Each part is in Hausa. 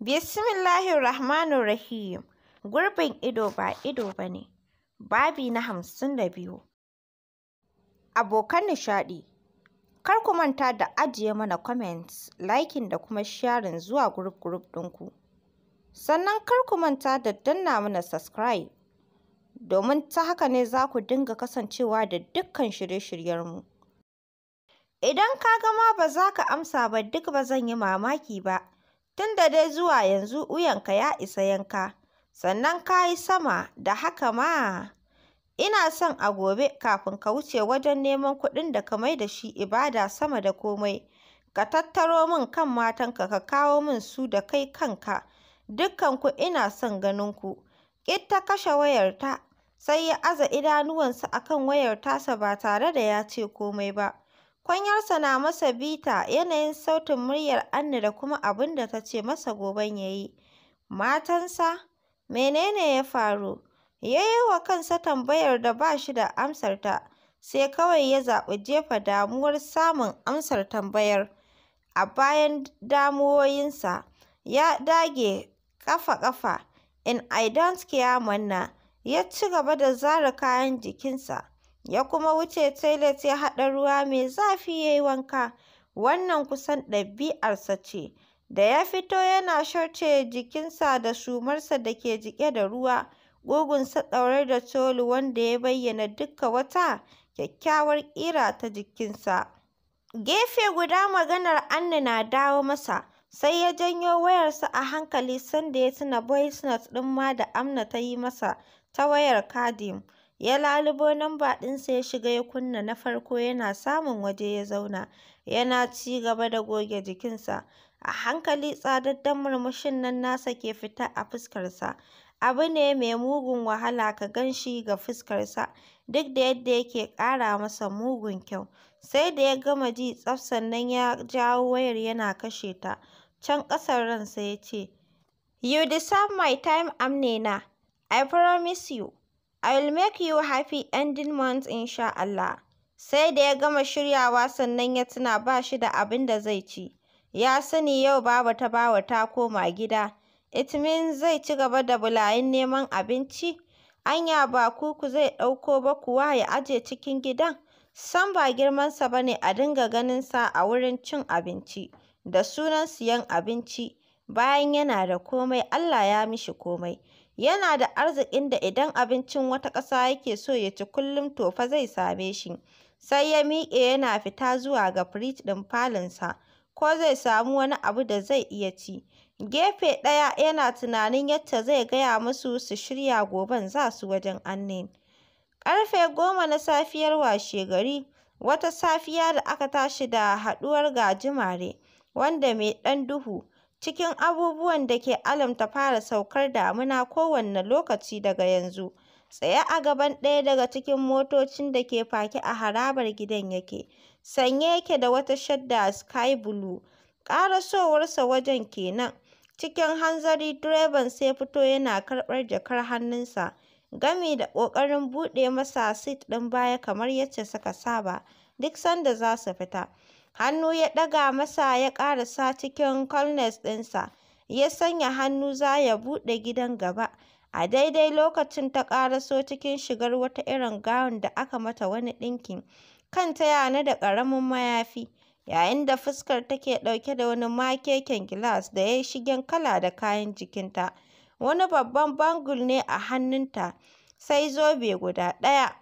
Bismillahirrahmanirrahim. Gurbin ido ba ido ba ne. Babi na hamsin da biyu. Abokan nishaɗi, kar ku manta da ajiye mana comments, liking da kuma sharing zuwa group group ɗinku. Sannan kar ku manta da danna mana subscribe, domin ta haka ne za ku dinga kasancewa da dukkan shirye-shiryenmu. Idan ka gama ba za ka amsa ba duk ba zan yi mamaki ba. Tun da dai zuwa yanzu wuyanka ya isa yanka, sannan ka yi sama da haka ma. Ina son a gobe kafin ka wuce wajen neman kuɗin da ka mai da shi ibada sama da komai, ka tattaro min kan matanka ka kawo min su da kai kanka, dukkanku ina son ganinku. ku ta kashe wayarta, sai ya aza idanuwansa akan wayar tasa ba tare da ya ce komai ba. Kwanyarsa na masa bita, yanayin sautin muryar Ann da kuma abin da ta ce masa goben ya yi. Matansa? menene ya faru? Ya yi wa kansa tambayar da ba shi da amsarta, sai kawai ya zaɓi jefa damuwar samun amsar tambayar a bayan damuwoyinsa. Ya dage ƙafa-ƙafa. In I don't care manna, ya ci gaba da zare kayan jikinsa. ya kuma wuce toilet ya haɗa ruwa mai zafi ya yi wanka. Wannan kusan ɗabi'arsa ce. Da ya fito yana sharce jikinsa da sumarsa da ke jiƙe da ruwa, ƙugunsa ɗaure da tolu wanda ya bayyana dukka wata kyakkyawar ƙira ta jikinsa. Gefe guda maganar Anna na dawo masa, sai ya janyo wayarsa a hankali sanda ya tuna voice note ɗin ma da Amna ta yi masa ta wayar Kadim. Ya lalubo namba ɗinsa ya shiga ya kunna na farko yana samun waje ya zauna, yana ci gaba da goge jikinsa, a hankali tsadaddan murmushin nan nasa ke fita a fuskarsa, abu ne mai mugun wahala ka gan shi ga fuskarsa duk da yadda yake ƙara masa mugun kyau, sai da ya gama ji tsaf sannan ya jawo wayar yana kashe ta, can ƙasar ransa ya ce, You deserve my time amnena I promise you. I will make you happy ending month insha Allah. Sai da ya gama shiryawa sannan ya tuna ba shi da abin da zai ci. Ya sani yau babu ta bawa ta koma gida. It means zai ci gaba da bulayin neman abinci. Anya ba kuku zai ɗauko ba kuwa ya aje cikin gidan. San ba girmansa ba ne a dinga ganin sa a wurin cin abinci da sunan siyan abinci. Bayan yana da komai, Allah ya mishi komai. Yana da arzikin da idan abincin wata ƙasa yake so ya ci kullum to fa zai same shi. Sai ya miƙe yana fita zuwa ga firij ɗin falinsa ko zai samu wani abu da zai iya ci. Gefe ɗaya yana tunanin yadda zai gaya musu su shirya goben za su wajen anne Ƙarfe goma na safiyar washegari, wata safiya da aka tashi da haɗuwar gajimare, wanda mai ɗan duhu, cikin abubuwan da ke alamta fara saukar damuna kowanne lokaci daga yanzu. Tsaye a gaban ɗaya daga cikin motocin da ke fake a harabar gidan yake, sanye yake da wata shadda sky blue. Ƙarasowarsa wajen kenan, cikin hanzari direban sai fito yana karɓar jakar hannunsa, gami da ƙoƙarin buɗe masa sit ɗin baya kamar yacce suka saba, duk sanda za su fita. Hannu ya ɗaga masa ya ƙarasa cikin kwalnes ɗinsa, ya sanya hannu za ya buɗe gidan gaba, a daidai lokacin ta ƙaraso cikin shigar wata irin gawun da aka mata wani ɗinkin, kanta yana da ƙaramin mayafi, yayin da fuskar take ɗauke da wani makeken gilas da ya yi shigen kala da kayan jikinta, wani babban bangul ne a hannunta, sai zobe guda ɗaya.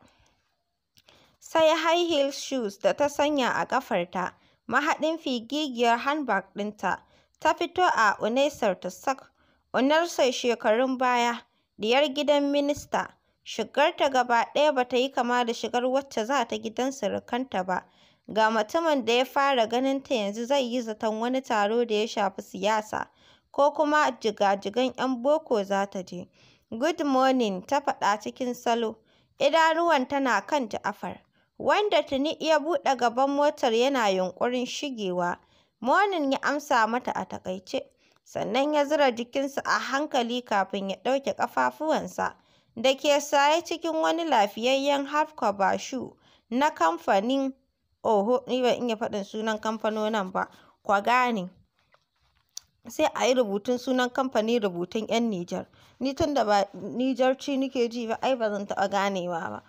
sai high heel shoes da ta sanya a ƙafarta, mahaɗin figigiyar handbag ɗinta, ta fito a Unisar Tussaud, Unarsar shekarun baya, diyar gidan Minista. Shigarta gaba ɗaya ba ta yi kama da shigar wacce za ta gidan surukanta ba. Ga mutumin da ya fara ganin ta yanzu zai yi zaton wani taro da ya shafi siyasa, ko kuma jigajigan 'yan boko za ta je. Good morning, ta faɗa cikin salo, idanuwan tana kan Ja'afar. wanda tuni ya buɗe gaban motar yana yunƙurin shigewa. Monin ya amsa mata a takaice sannan ya zura jikinsa a hankali kafin ya ɗauke ƙafafuwansa da ke saye cikin wani lafiyayyen half cover shoe na kamfanin oho ni ban iya faɗin sunan kamfanonin ba Kwagani. sai a yi rubutun sunan kamfani rubutun 'yan Nijar. Ni tun da ba Nijarci nike ji ba ai ba zan taɓa ganewa ba.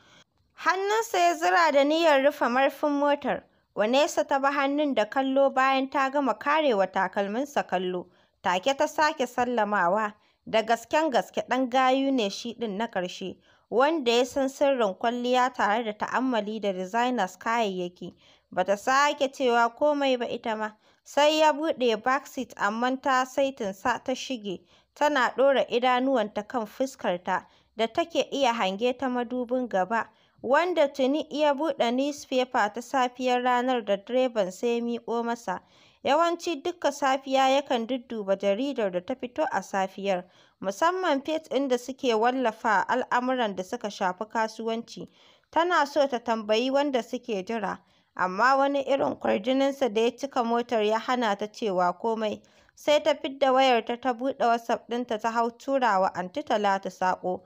Hannunsa ya zura da niyyar rufe marfin motar. Vanessa ta bi hannun da kallo bayan ta gama karewa takalminsa kallo. Take ta sake sallamawa. Da gasken gaske ɗan gayu ne shi ɗin na ƙarshe, wanda ya san sirrin kwalliya tare da ta'ammali da designers kayayyaki. Ba ta sake cewa komai ba ita ma. Sai ya buɗe backseat amma ta saitin sa ta shige, tana ɗora idanuwanta kan fuskarta da take iya hange ta madubin gaba. wanda tuni iya buɗe newspaper ta safiyar ranar da direban sai ya miƙo masa. Yawanci duka safiya yakan dudduba jaridar da ta fito a safiyar, musamman Fet ɗin da suke wallafa al'amuran da suka shafi kasuwanci. Tana so ta tambayi wanda suke jira, amma wani irin kwarjininsa da ya cika motar ya hana ta cewa komai. Sai ta fidda wayarta ta buɗe WhatsApp ɗinta ta hau turawa wa Talatu saƙo.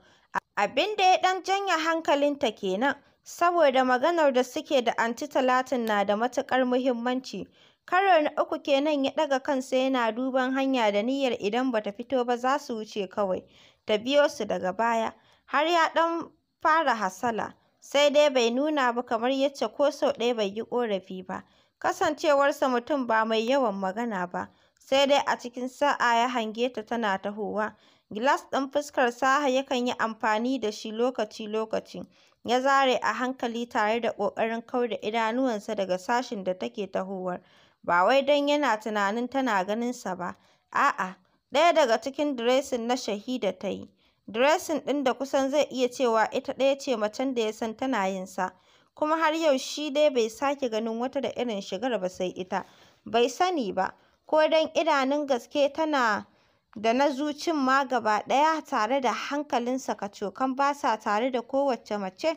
Abin da ya ɗan janye hankalinta ke nan, saboda maganar da suke da Anty Talatin na da matuƙar muhimmanci. Karo na uku kenan ya ɗaga kansa yana duban hanya da niyyar idan bata fito ba za su wuce kawai, ta biyo su daga baya. Har ya ɗan fara hasala, sai dai bai nuna ba kamar yacce ko sau ɗaya bai yi ƙorafi ba. Kasancewarsa mutum ba mai yawan magana ba, sai dai a cikin sa'a ya hange ta tana tahowa. Gilas ɗin fuskar Sahar yakan yi amfani da shi lokaci-lokaci, ya zare a hankali tare da ƙoƙarin kau da idanuwansa daga sashin da take tahowar, ba wai don yana tunanin tana ganinsa ba, a'a, ɗaya daga cikin diresin na Shahida ta yi, diresin ɗin da kusan zai iya cewa ita ɗaya ce macen da ya san tana yin sa kuma har yau shi dai bai sake ganin wata da irin shigar ba sai ita, bai sani ba. ko don idanun gaske tana da na zucin ma gaba ɗaya tare da hankalinsa kacokan basa tare da kowace mace.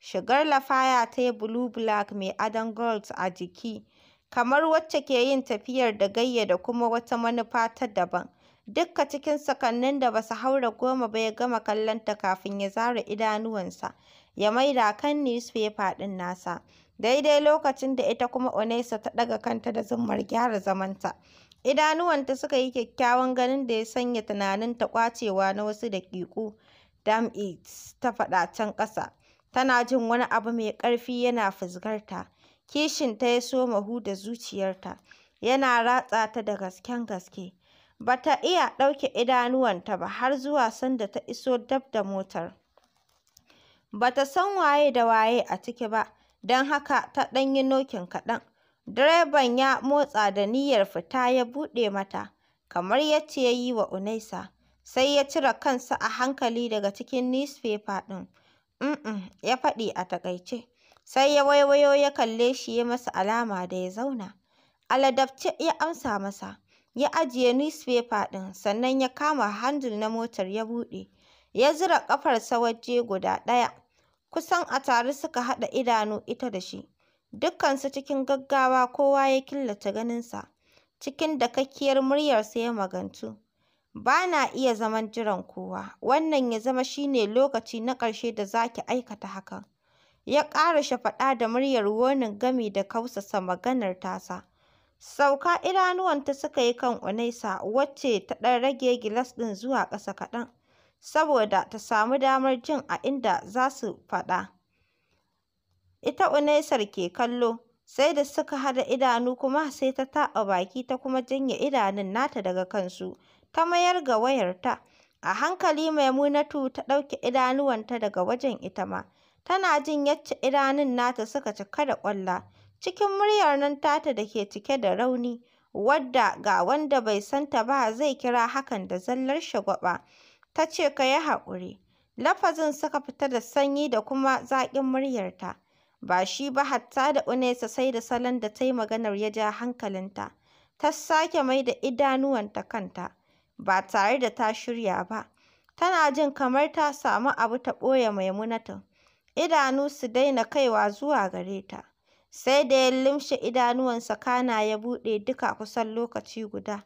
Shigar lafaya ta yi blue black mai adon gold a jiki, kamar wacce ke yin tafiyar da gayya da kuma wata manufa ta daban. Dukka cikin sakannin da ba su haura goma ba ya gama kallonta kafin ya zara idanuwansa ya maida kan newspaper ɗin nasa. daidai lokacin da ita kuma Onesa ta ɗaga kanta da zummar gyara zamanta. Idanuwanta suka yi kyakkyawan ganin da ya sanya tunanin ta ƙwacewa na wasu daƙiƙu. Damit, ta faɗa can ƙasa. Tana jin wani abu mai ƙarfi yana fuzgarta. ta ya so mahu huda zuciyarta. Yana ratsa ta da gasken gaske. Ba ta iya ɗauke idanuwanta ba har zuwa sanda ta iso dab da motar. Ba ta san waye da waye a ciki ba. don haka ta ɗan yi nokin kaɗan. Direban ya motsa da niyyar fita ya buɗe mata, kamar yadda ya yi wa Unaisa, sai ya cire kansa a hankali daga cikin nisfefa ɗin. mm mm ya faɗi a taƙaice, sai ya waiwayo ya kalle shi ya masa alama da ya zauna. A ya amsa masa, ya ajiye nisfefa ɗin sannan ya kama handle na motar ya buɗe, ya zura ƙafarsa waje guda ɗaya. Kusan a tare suka haɗa idanu ita da shi, dukkansu cikin gaggawa kowa ya killace ganinsa, cikin da dakakkiyar muryarsa ya magantu, “Ba na iya zaman jiran kowa, wannan ya zama shine lokaci na ƙarshe da za ki aikata hakan,” ya ƙara shafaɗa da muryar wonin gami da kausasa maganar tasa. Sauka idanuwanta suka yi kan Unaisa, wacce ta ɗan rage gilas ɗin zuwa ƙasa kaɗan. saboda ta samu damar jin a inda za su faɗa. Ita Unaisar ke kallo, sai da suka hada idanu kuma sai ta taɓa baki ta kuma janye idanun nata daga kansu, ta mayar ga wayarta. A hankali Maimunatu ta ɗauke idanuwanta daga wajen ita ma, tana jin yacce idanun nata suka cika da ƙwalla, cikin muryar nan tata da ke cike da rauni, wadda ga wanda bai santa ba zai kira hakan da zallar shagwaɓa. ta ce ka yi haƙuri. Lafazin suka fita da sanyi da kuma zaƙin muryarta. Ba shi ba hatta da Unesa sai da salon da ta yi maganar ya ja hankalinta. Ta sake mai da idanuwanta kanta, ba tare da ta shirya ba. Tana jin kamar ta samu abu ta ɓoye Maimunatun. Idanu su daina kaiwa zuwa gare ta. Sai da ya limshe idanuwansa kana ya buɗe duka kusan lokaci guda.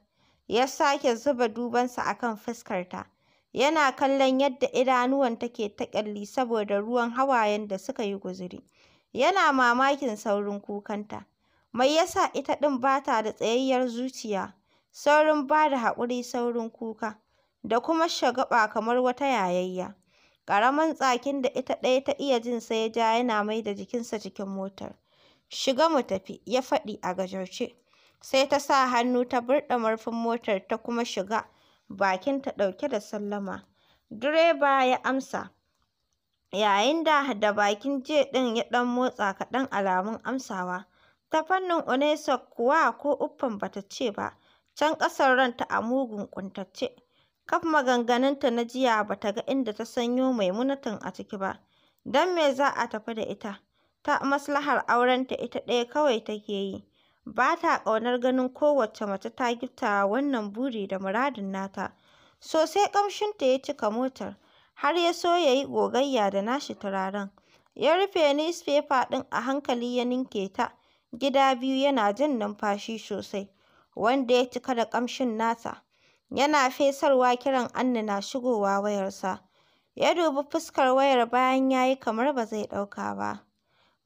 Ya sake zuba dubansa a kan fuskarta. Yana kallon yadda idanuwanta ke ta ƙyalli saboda ruwan hawayen da suka yi guzuri, yana mamakin saurin kukanta. Mai ya sa ita ɗin ba ta da tsayayyar zuciya, saurin ba da haƙuri, saurin kuka, da kuma shagwaɓa kamar wata yayayya. Ƙaramin tsakin da ita ɗaya ta iya jin ya ja yana maida jikinsa cikin motar. “Shiga mu tafi,” ya faɗi a gajarce. Sai ta sa hannu ta burɗe murfin motar ta kuma shiga. Bakin ta ɗauke da sallama. Direba ya amsa, yayin da da bakin J ɗin ya ɗan motsa kaɗan alamun amsawa. Ta fannin Unesa kuwa ko uffam ta ce ba, can ƙasar ranta a mugun ƙuntace. Kaf maganganunta na jiya ba ta ga inda ta sanyo Maimunatun a ciki ba, don me za a tafi da ita? Ta maslahar aurenta ita ɗaya kawai take yi. ba ta ƙaunar ganin kowace mace ta giftawa wannan buri da muradin nata. Sosai ƙamshinta ya cika motar, har ya so ya yi gogayya da nashi turaren. Ya rufe newspaper ɗin a hankali ya ninke ta gida biyu yana jin numfashi sosai, wanda ya cika da ƙamshin nata. Yana fesarwa kiran Anna na shigowa wayarsa. Ya dubi fuskar wayar bayan ya yi kamar ba zai ɗauka ba.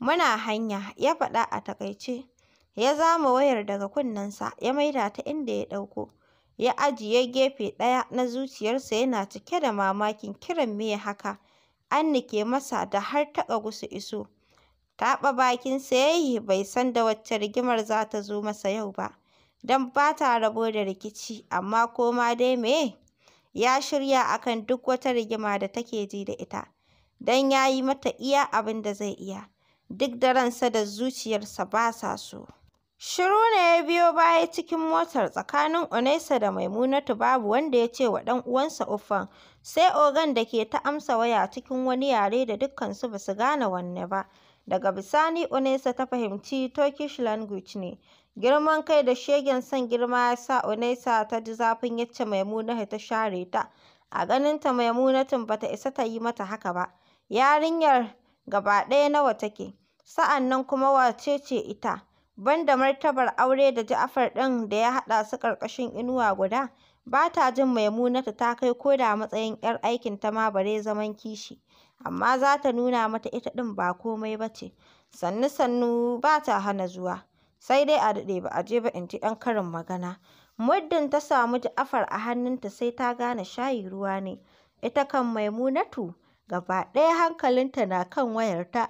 Muna hanya, ya faɗa a taƙaice. Ya zama wayar daga kunnensa ya maida ta inda ya ɗauko, ya ajiye gefe ɗaya na zuciyarsa yana cike da mamakin kiran ya haka annike ke masa da har ta gusu iso. Taɓa bakinsa ya yi bai san da wacce rigimar za ta zo masa yau ba, don ba ta rabo da rikici, amma koma dai meye, ya shirya akan duk wata rigima da take ji da ita, don ya yi mata iya abin da zai iya, duk da ransa da zuciyarsa ba sa so. Shiru ne ya biyo baya cikin motar tsakanin Onesa da Maimunatu babu wanda ya ce wa ɗan uwansa uffam, sai ogan da ke ta amsa waya cikin wani yare da dukkansu ba su gane wanne ba. Daga bisani Onesa ta fahimci Turkish language ne. Girman kai da shegen son girma ya sa Onesa ta ji zafin yace Maimunatu ta share ta. A ganinta Maimunatun ba ta isa ta yi mata haka ba. Yarinyar gaba ɗaya nawa take, Sa'annan kuma wace ce ita? banda martabar aure da Ja'far ɗin da ya haɗa su ƙarƙashin inuwa guda, ba ta jin Maimunatu ta kai ko da matsayin 'yar aikinta ma bare zaman kishi, amma za ta nuna mata ita ɗin ba komai ba ce, sannu-sannu ba ta hana zuwa, sai dai a daɗe ba a je ba in ji 'yan karin magana. Muddin ta samu Ja'far a hannunta sai ta gane shayi ruwa ne, ita kan Maimunatu gaba ɗaya hankalinta na kan wayarta,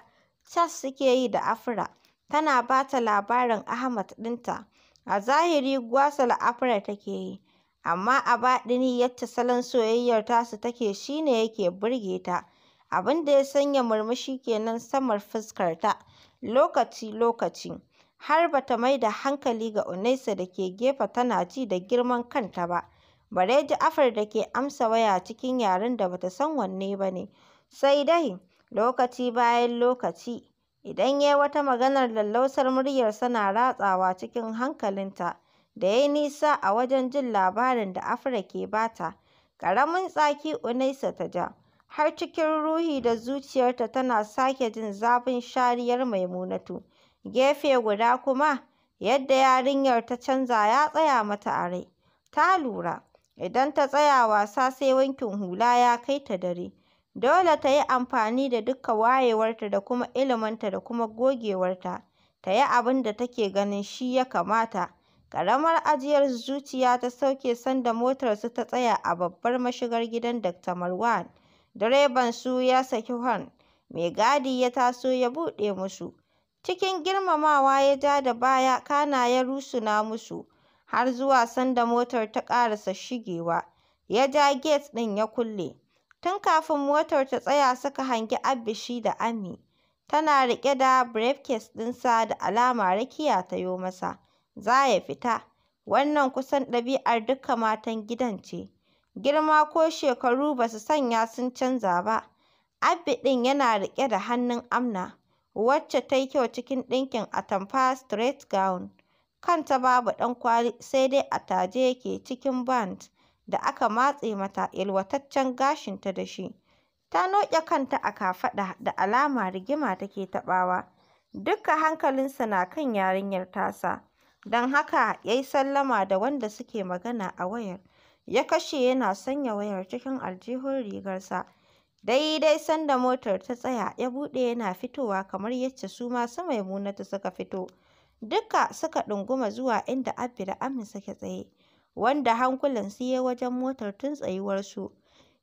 cas suke yi da Afra. tana ba ta labarin Ahmad ɗinta, a zahiri gwasa la'afara take yi, amma a baɗini yadda salon soyayyar tasu take shi ne yake burge ta, abin da ya sanya murmushi kenan nan saman fuskarta lokaci-lokaci, har ba ta mai da hankali ga Unaisa da ke gefe tana ji da girman kanta ba, bare ji da ke amsa waya cikin yaren da ba ta san wanne ba ne, sai dai lokaci bayan lokaci. Idan ya yi wata maganar lallausar muryarsa na ratsawa cikin hankalinta da ya yi nisa a wajen jin labarin da Afirka ke ba ta. Ƙaramin tsaki Unaisa ta ja, har cikin ruhi da zuciyarta tana sake jin zafin shariyar Maimunatu. Gefe guda kuma, yadda yarinyar ta canza ya tsaya mata a rai. Ta lura, idan ta tsaya wasa sai wankin hula ya kai ta dare. Dole ta yi amfani da duka wayewarta da kuma iliminta da kuma gogewarta ta yi abin da take ganin shi ya kamata. Ƙaramar ajiyar zuciya ta sauke sanda motarsu ta tsaya a babbar mashigar gidan Dr. Marwan. direban su ya saki hon. Mai gadi ya taso ya buɗe musu. Cikin girmamawa ya ja da baya kana ya rusuna musu har zuwa sanda motar ta ƙarasa shigewa. Ya ja gate ɗin ya kulle. Tun kafin motar ta tsaya suka hangi Abishi da Ami. tana riƙe da briefcase ɗinsa da alama rakiya ta yo masa, za ya fita. Wannan kusan ɗabi'ar dukka matan gidan ce, girma ko shekaru ba su sanya sun canza ba. abbi ɗin yana riƙe da hannun Amna, wacce ta yi kyau cikin ɗinkin atamfa straight gown, kanta babu ɗankwali sai dai ataje ke cikin band. da aka matse mata yalwataccen gashinta da shi. Ta noƙe kanta a kafaɗa da alama rigima take taɓawa. Dukka hankalinsa na kan yarinyar tasa, don haka ya yi sallama da wanda suke magana a wayar. Ya kashe yana sanya wayar cikin aljihun rigarsa. Daidai sanda motar ta tsaya ya buɗe yana fitowa kamar yacce su ma su suka fito. Dukka suka ɗunguma zuwa inda Abbi da Amin suke tsaye. wanda hankulan ya yi wajen motar tun tsayuwarsu.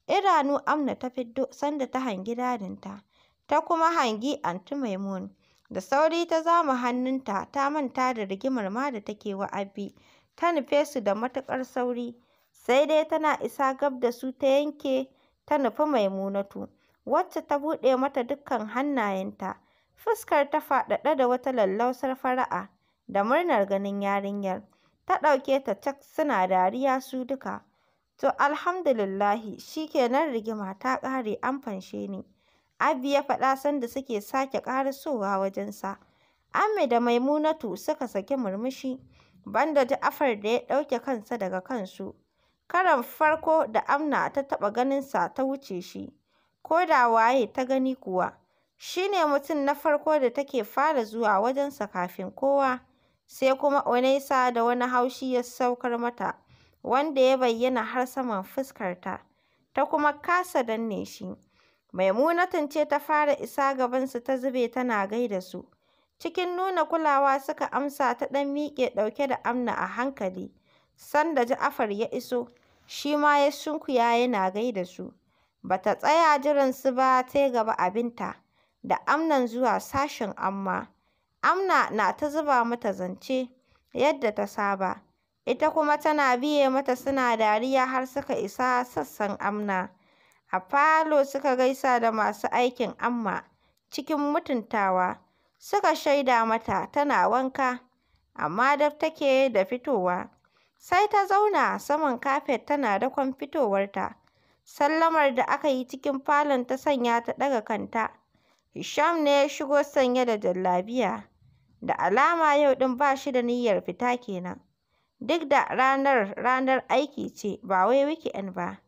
Idanu Amna ta fiddo sanda ta hangi dadinta, ta kuma hangi Anti Maimun. Da sauri ta zama hannunta ta manta da rigimar ma da take wa Abi, ta nufe su da matuƙar sauri, sai dai tana isa gab da su ta yanke ta nufi Maimunatu, wacce ta buɗe mata dukkan hannayenta. Fuskar ta faɗaɗa da wata lallausar fara'a da murnar ganin yarinyar. Ta ɗauke ta cak suna dariya su duka. To alhamdulillahi shi kenan rigima ta ƙare an fanshe ni. Abi ya faɗa sanda suke sake ƙarasowa wajensa. Ami da Maimunatu suka saki murmushi, banda afar da ya ɗauke kansa daga kansu. Karan farko da Amna ta taɓa ganinsa ta wuce shi, ko da waye ta gani kuwa, shi ne mutum na farko da take fara zuwa wajensa kafin kowa. sai kuma Onesa da wani haushi ya saukar mata, wanda ya bayyana har saman fuskarta, ta kuma kasa danne shi. Maimunatun ce ta fara isa gabansu ta zube tana gaida su. Cikin nuna kulawa suka amsa ta ɗan miƙe ɗauke da Amna a hankali. Sanda Ja'afar ya iso, shi ma ya sunkuya yana gaida su. Ba ta tsaya jiransu ba ta gaba abinta, da Amnan zuwa sashen Amma. Amna na ta zuba mata zance yadda ta saba, ita kuma tana biye mata suna dariya har suka isa sassan Amna. A falo suka gaisa da masu aikin Amma cikin mutuntawa, suka shaida mata tana wanka, amma daf take da fitowa. Sai ta zauna saman kafet tana dakon fitowarta. Sallamar da aka yi cikin falon ta sanya ta ɗaga kanta. Hisham ne ya shigo sanye da jallabiya. Da alama yau ɗin ba shi da niyyar fita kenan. Duk da ranar ranar aiki ce ba wai wiki'en ba.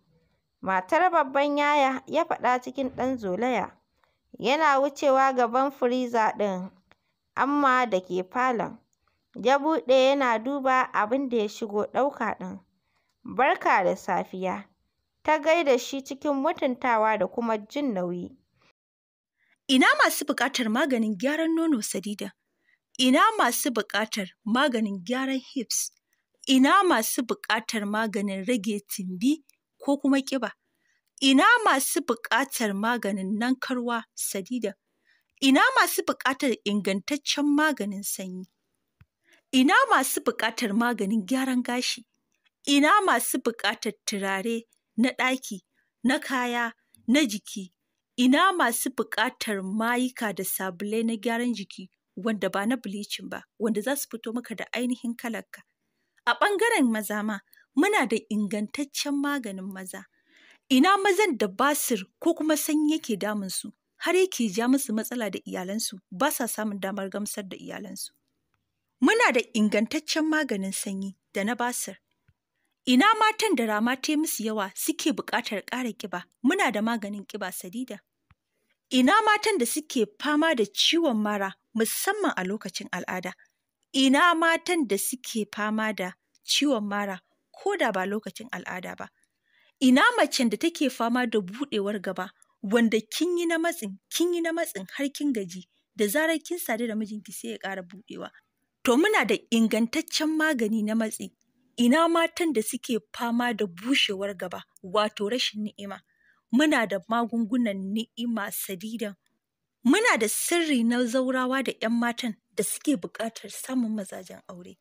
Matar babban yaya ya faɗa cikin ɗan zolaya. Yana wucewa gaban firiza ɗin amma da ke falon. Ya buɗe yana duba abin da ya shigo ɗauka ɗin. Barka da safiya. Ta gaida shi cikin mutuntawa da kuma jin nauyi. Ina masu buƙatar maganin gyaran nono Sadida? Ina masu buƙatar maganin gyaran hips, ina masu buƙatar maganin rage tumbi ko kuma ƙiba, ina masu buƙatar maganin nankarwa sadida ina masu buƙatar ingantaccen maganin sanyi, ina masu buƙatar maganin gyaran gashi, ina masu buƙatar turare na ɗaki, na kaya, na jiki, ina masu buƙatar mayuka da sabulai na gyaran jiki. wanda ba na bleaching ba wanda za su fito maka da ainihin kalarka a ɓangaren maza ma muna da ingantaccen maganin maza ina mazan da basir ko kuma sanyi yake damunsu har yake ja musu matsala da iyalansu ba sa samun damar gamsar da iyalansu muna da ingantaccen maganin sanyi da na basir ina matan da rama ta musu yawa suke buƙatar ƙara ƙiba muna da maganin ƙiba sadida Ina matan da suke fama da ciwon mara musamman a lokacin al'ada? Ina matan da suke fama da ciwon mara ko da ba lokacin al'ada ba? Ina macen da take fama da buɗewar gaba wanda kin yi na matsin, kin yi na matsin har kin gaji da zarar kin sadu da mijinki sai ya ƙara buɗewa. To muna da ingantaccen magani na matsi. Ina matan da suke fama da bushewar gaba wato rashin ni'ima. muna da magungunan ni'ima sadidan. Muna da sirri na zaurawa da ‘yan matan da suke buƙatar samun mazajen aure.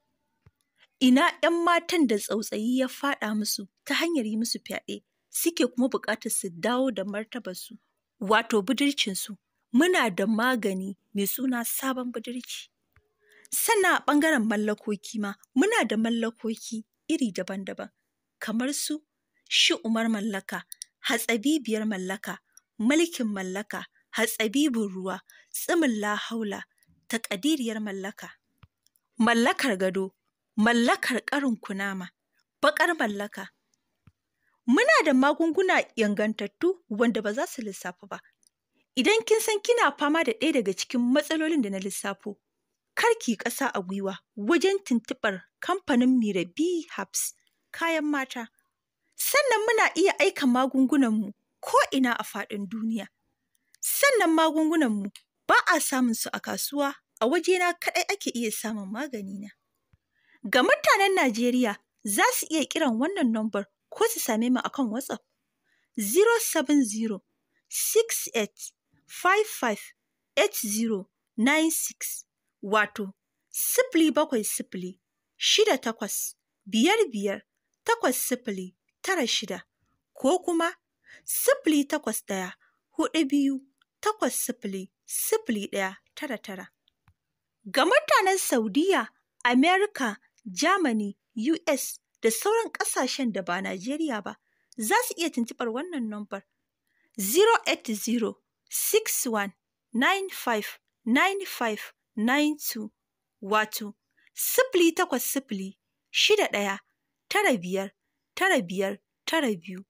Ina ‘yan matan da tsautsayi ya faɗa musu ta hanyar yi musu fyaɗe suke kuma buƙatar su dawo da martabarsu, wato budurcinsu. Muna da magani mai suna sabon budurci. Sannan a ɓangaren mallakoki ma, muna da mallakoki iri daban-daban, kamar su shi umar mallaka hatsabibiyar mallaka, mulkin mallaka, hatsabibin ruwa, tsimin lahaula, takadiriyar mallaka. Mallakar gado, mallakar ƙarin kunama, baƙar mallaka. Muna da magunguna yangantattu wanda ba za su lissafu ba. Idan kin san kina fama da ɗaya daga cikin matsalolin da na lissafo, karki ƙasa a gwiwa wajen tuntuɓar kamfanin Mirabi Habs kayan mata. Sannan muna iya aika magungunanmu ina a faɗin duniya. Sannan magungunanmu ba a samun su a kasuwa, a wajena kaɗai ake iya samun magani na Ga mutanen Najeriya za su iya kiran wannan nombar ko su same mu akan WhatsApp 070 68 55 six wato sifili bakwai sifili shida takwas biyar biyar takwas sifili tara shida ko kuma sifili takwas ɗaya hudu biyu takwas sifili sifili ɗaya tara tara. Ga mutanen Saudiya, Amerika, Germany, US da sauran ƙasashen da ba Najeriya ba za su iya tuntuɓar wannan nombar 080 61 95 wato sifili takwas sifili shida ɗaya tara biyar tara biyar tara biyu.